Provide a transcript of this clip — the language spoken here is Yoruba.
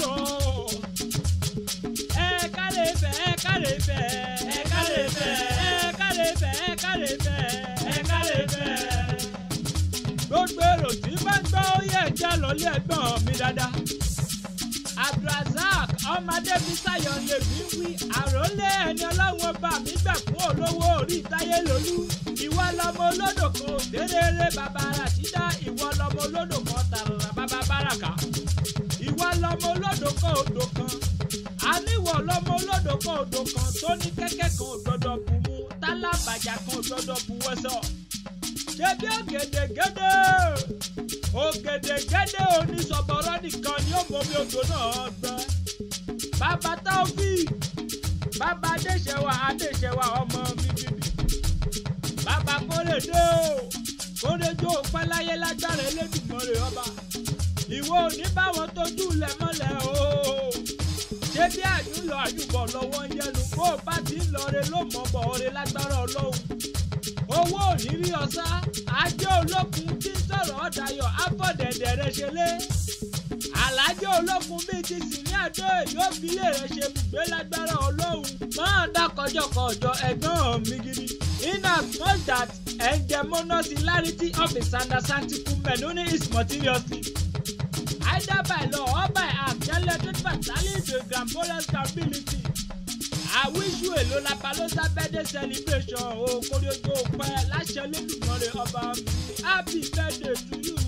lọ. ẹ kárẹ̀ fẹ́ ẹ kárẹ̀ fẹ́ ẹ kárẹ̀ fẹ́ ẹ kárẹ̀ fẹ́ ẹ kárẹ̀ fẹ́ ẹ kárẹ̀ fẹ́. gbogbo èrò tí bá ń gbọ́ ó yẹ jẹ́ lọ́lé ẹ̀gbọ́n mi dáadáa. abdulrasaq ọmọdé mi sáyọ lèmi wí àròlé ẹni ọlọ́wọ́ bá mi gbà fún olówó orí táyé lólú ìwọ lọmọ olódò kan bàbá rà sídá ìwọ lọmọ olódò tààrà bàbá báràkà ìwọ lọmọ olódò kan odò kan àníwọ̀ lọmọ olódò kan odò kan tó ní kẹ́kẹ́ kan ò gbọ́dọ̀ bù mu tálábàjá kan ò gbọ́dọ̀ bù wọ́sọ̀ ṣebí ògèdègèdè ògèdègèdè oníṣọ̀bọ̀rọ̀ nìkan ni ó bomi odò náà gbẹ bàbá taofik bàbá adéṣẹwà adéṣẹwà ọmọ mi bíbí bàbá kórèdè o kórèdè o pẹ́ láyé lágbára elédùnmọ́ ọba ìwọ ò ní báwọn tójú lẹ mọ́lẹ̀ o ṣé bí àjùlọ àjùbọ̀ lọ́wọ́ ń yẹnu kó o bá ti ń lọre ló mọ̀ bọ̀ ọ̀rẹ́ lágbára ọlọ́run owó ò ní rí ọ̀sá ajé olókun tí ń sọ̀rọ̀ ọ̀dàyọ̀ afọ̀dẹ̀dẹ̀ rẹ ṣe lé alájẹ olókun bíi ti sìnrí àdó yóò fi ilé rẹ ṣe bùgbé lágbára ọlọ́run máa dákọjọkọjọ ẹ̀gbọ́n mi gidi in as much that engemono similarity of a sandasantiku menoni is materiously either by law or I wish you a Lollapalooza celebration. Oh, Koryogo, Pẹ́, Láṣẹ Lódùmarè Ọba. Happy birthday to you.